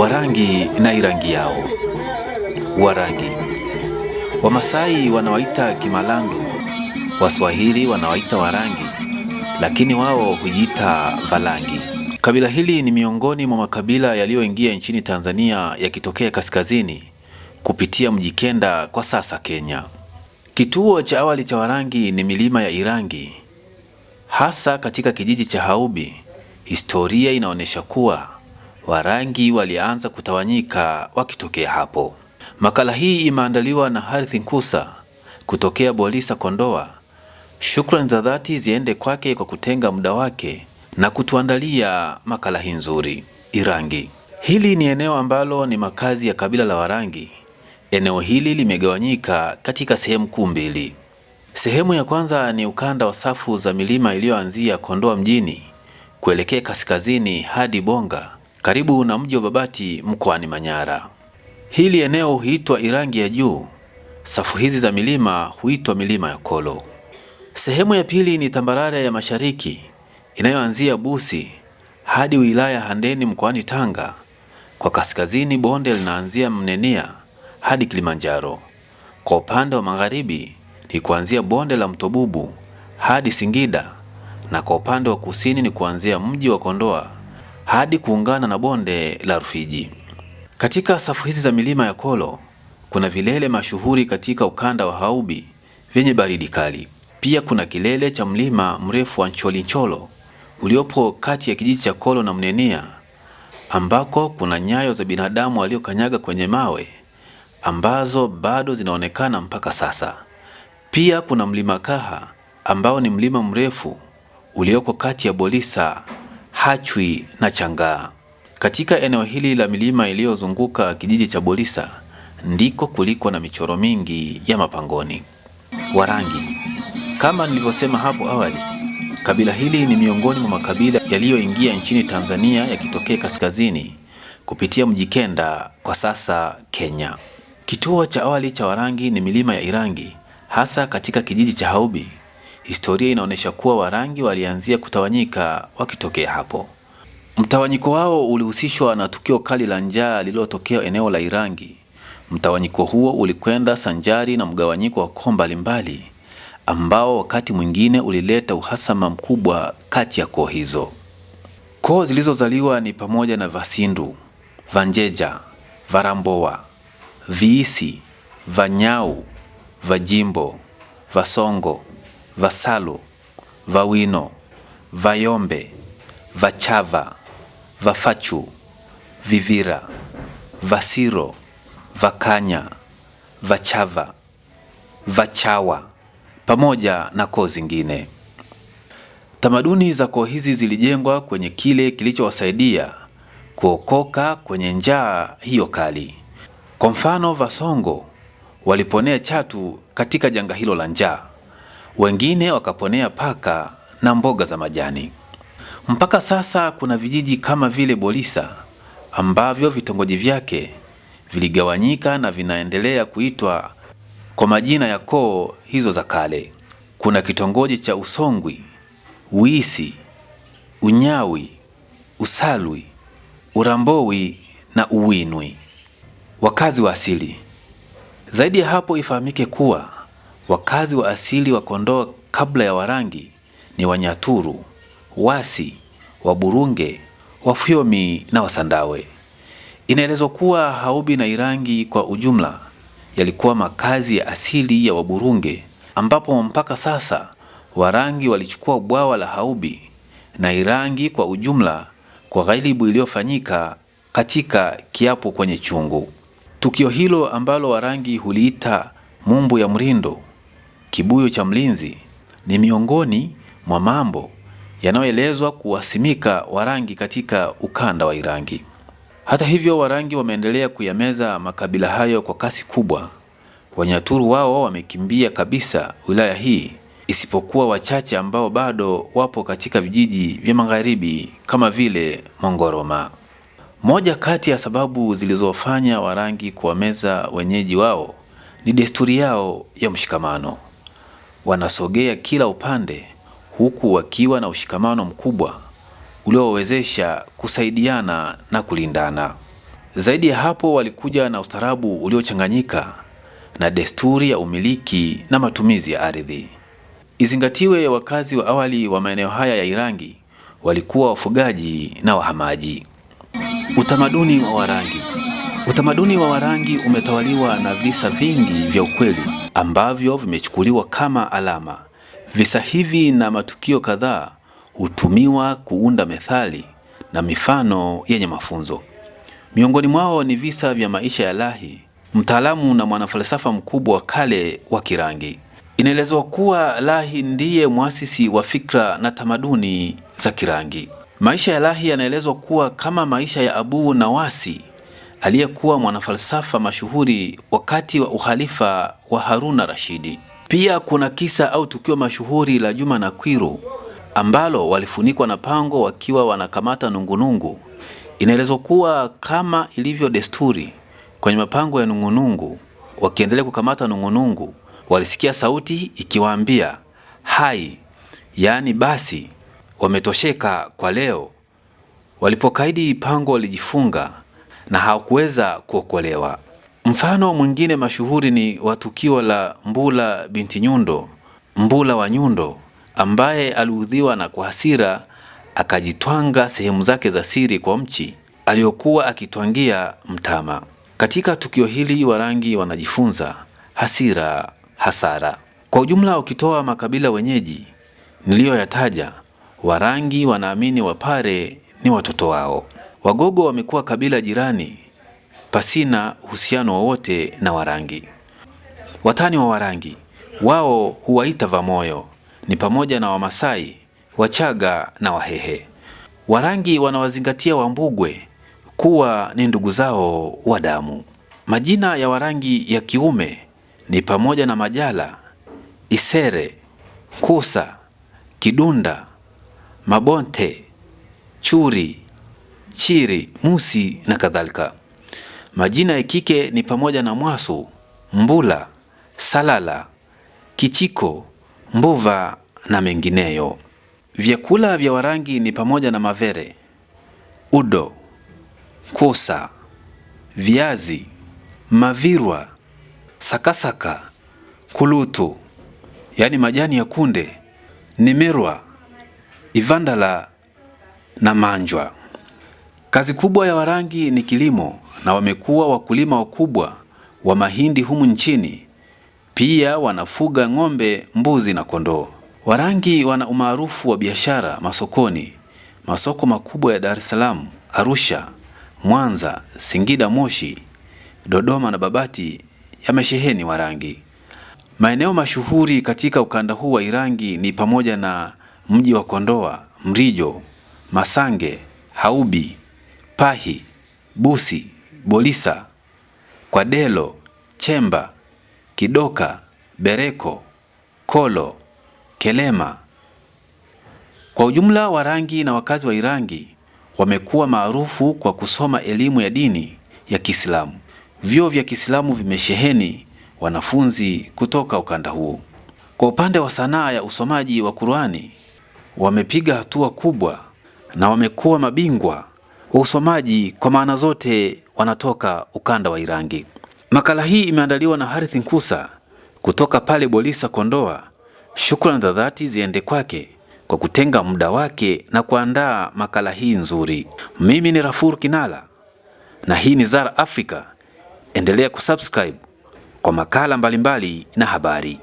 Warangi na irangi yao. Warangi Wamasai wanawaita kimalangu Waswahili wanawaita Warangi, lakini wao hujiita Valangi. Kabila hili ni miongoni mwa makabila yaliyoingia nchini Tanzania yakitokea kaskazini kupitia Mjikenda kwa sasa Kenya. Kituo cha awali cha Warangi ni milima ya Irangi, hasa katika kijiji cha Haubi. Historia inaonyesha kuwa Warangi walianza kutawanyika wakitokea hapo. Makala hii imeandaliwa na Harith Nkusa kutokea Bolisa, Kondoa. Shukrani za dhati ziende kwake kwa kutenga muda wake na kutuandalia makala hii nzuri. Irangi, hili ni eneo ambalo ni makazi ya kabila la Warangi. Eneo hili limegawanyika katika sehemu kuu mbili. Sehemu ya kwanza ni ukanda wa safu za milima iliyoanzia Kondoa mjini kuelekea kaskazini hadi Bonga karibu na mji wa Babati mkoani Manyara. Hili eneo huitwa Irangi ya Juu. Safu hizi za milima huitwa milima ya Kolo. Sehemu ya pili ni tambarare ya mashariki inayoanzia Busi hadi wilaya Handeni mkoani Tanga. Kwa kaskazini, bonde linaanzia Mnenia hadi Kilimanjaro. Kwa upande wa magharibi ni kuanzia bonde la mtobubu hadi Singida, na kwa upande wa kusini ni kuanzia mji wa Kondoa hadi kuungana na bonde la Rufiji. Katika safu hizi za milima ya Kolo kuna vilele mashuhuri katika ukanda wa Haubi vyenye baridi kali. Pia kuna kilele cha mlima mrefu wa Ncholincholo uliopo kati ya kijiji cha Kolo na Mnenia ambako kuna nyayo za binadamu waliokanyaga kwenye mawe ambazo bado zinaonekana mpaka sasa. Pia kuna mlima Kaha ambao ni mlima mrefu ulioko kati ya Bolisa hachwi na changaa. Katika eneo hili la milima iliyozunguka kijiji cha Bolisa ndiko kuliko na michoro mingi ya mapangoni Warangi. Kama nilivyosema hapo awali, kabila hili ni miongoni mwa makabila yaliyoingia nchini Tanzania yakitokea kaskazini kupitia Mjikenda, kwa sasa Kenya. Kituo cha awali cha Warangi ni milima ya Irangi, hasa katika kijiji cha Haubi Historia inaonyesha kuwa Warangi walianzia kutawanyika wakitokea hapo. Mtawanyiko wao ulihusishwa na tukio kali la njaa lililotokea eneo la Irangi. Mtawanyiko huo ulikwenda sanjari na mgawanyiko wa koo mbalimbali ambao wakati mwingine ulileta uhasama mkubwa kati ya koo hizo. Koo zilizozaliwa ni pamoja na Vasindu, Vanjeja, Varamboa, Viisi, Vanyau, Vajimbo, Vasongo Vasalu, Vawino, Vayombe, Vachava, Vafachu, Vivira, Vasiro, Vakanya, Vachava, Vachawa pamoja na koo zingine. Tamaduni za koo hizi zilijengwa kwenye kile kilichowasaidia kuokoka kwenye njaa hiyo kali. Kwa mfano, Vasongo waliponea chatu katika janga hilo la njaa wengine wakaponea paka na mboga za majani. Mpaka sasa kuna vijiji kama vile Bolisa ambavyo vitongoji vyake viligawanyika na vinaendelea kuitwa kwa majina ya koo hizo za kale. Kuna kitongoji cha Usongwi, Uisi, Unyawi, Usalwi, Urambowi na Uwinwi. Wakazi wa asili. Zaidi ya hapo, ifahamike kuwa Wakazi wa asili wa Kondoa kabla ya Warangi ni Wanyaturu, Wasi, Waburunge, Wafyomi na Wasandawe. Inaelezwa kuwa Haubi na Irangi kwa ujumla yalikuwa makazi ya asili ya Waburunge, ambapo mpaka sasa Warangi walichukua bwawa la Haubi na Irangi kwa ujumla kwa ghaibu iliyofanyika katika kiapo kwenye chungu. Tukio hilo ambalo Warangi huliita Mumbu ya Mrindo kibuyu cha mlinzi ni miongoni mwa mambo yanayoelezwa kuwasimika Warangi katika ukanda wa Irangi. Hata hivyo, Warangi wameendelea kuyameza makabila hayo kwa kasi kubwa. Wanyaturu wao wamekimbia kabisa wilaya hii, isipokuwa wachache ambao bado wapo katika vijiji vya magharibi kama vile Mongoroma. Moja kati ya sababu zilizofanya Warangi kuwameza wenyeji wao ni desturi yao ya mshikamano wanasogea kila upande, huku wakiwa na ushikamano mkubwa uliowawezesha kusaidiana na kulindana. Zaidi ya hapo, walikuja na ustaarabu uliochanganyika na desturi ya umiliki na matumizi ya ardhi. Izingatiwe, wakazi wa awali wa maeneo haya ya Irangi walikuwa wafugaji na wahamaji. Utamaduni wa Warangi Utamaduni wa Warangi umetawaliwa na visa vingi vya ukweli ambavyo vimechukuliwa kama alama. Visa hivi na matukio kadhaa hutumiwa kuunda methali na mifano yenye mafunzo. Miongoni mwao ni visa vya maisha ya Lahi, mtaalamu na mwanafalsafa mkubwa wa kale wa Kirangi. Inaelezwa kuwa Lahi ndiye mwasisi wa fikra na tamaduni za Kirangi. Maisha ya Lahi yanaelezwa kuwa kama maisha ya Abu Nawasi aliyekuwa mwanafalsafa mashuhuri wakati wa uhalifa wa Haruna Rashidi. Pia kuna kisa au tukio mashuhuri la Juma na Kwiru ambalo walifunikwa na pango wakiwa wanakamata nungunungu. Inaelezwa kuwa kama ilivyo desturi kwenye mapango ya nungunungu, wakiendelea kukamata nungunungu walisikia sauti ikiwaambia hai, yaani basi, wametosheka kwa leo. Walipokaidi pango walijifunga na hakuweza kuokolewa. Mfano mwingine mashuhuri ni wa tukio la Mbula binti Nyundo, Mbula wa Nyundo ambaye aliudhiwa na kwa hasira akajitwanga sehemu zake za siri kwa mchi aliyokuwa akitwangia mtama. Katika tukio hili Warangi wanajifunza hasira, hasara. Kwa ujumla, ukitoa makabila wenyeji niliyoyataja, Warangi wanaamini Wapare ni watoto wao. Wagogo wamekuwa kabila jirani pasina uhusiano wowote na Warangi. Watani wa Warangi wao huwaita Vamoyo, ni pamoja na Wamasai, Wachaga na Wahehe. Warangi wanawazingatia Wambugwe kuwa ni ndugu zao wa damu. Majina ya Warangi ya kiume ni pamoja na Majala, Isere, Kusa, Kidunda, Mabonte, Churi, Chiri, Musi na kadhalika. Majina ya kike ni pamoja na Mwasu, Mbula, Salala, Kichiko, Mbuva na mengineyo. Vyakula vya Warangi ni pamoja na mavere, udo, kosa, viazi, mavirwa, sakasaka, kulutu yaani majani ya kunde, nimerwa, ivandala na manjwa. Kazi kubwa ya Warangi ni kilimo na wamekuwa wakulima wakubwa wa mahindi humu nchini. Pia wanafuga ng'ombe, mbuzi na kondoo. Warangi wana umaarufu wa biashara masokoni. Masoko makubwa ya Dar es Salaam, Arusha, Mwanza, Singida, Moshi, Dodoma na Babati yamesheheni Warangi. Maeneo mashuhuri katika ukanda huu wa Irangi ni pamoja na mji wa Kondoa, Mrijo, Masange, Haubi, Pahi, Busi, Bolisa, Kwadelo, Chemba, Kidoka, Bereko, Kolo, Kelema. Kwa ujumla, Warangi na wakazi wa Irangi wamekuwa maarufu kwa kusoma elimu ya dini ya Kiislamu. Vyuo vya Kiislamu vimesheheni wanafunzi kutoka ukanda huo. Kwa upande wa sanaa ya usomaji wa Qur'ani, wamepiga hatua kubwa na wamekuwa mabingwa Wausomaji kwa maana zote wanatoka ukanda wa Irangi. Makala hii imeandaliwa na Harith Nkusa kutoka pale Bolisa, Kondoa. Shukrani za dhati ziende kwake kwa kutenga muda wake na kuandaa makala hii nzuri. Mimi ni Rafur Kinala na hii ni Zara Africa. Endelea kusubscribe kwa makala mbalimbali na habari.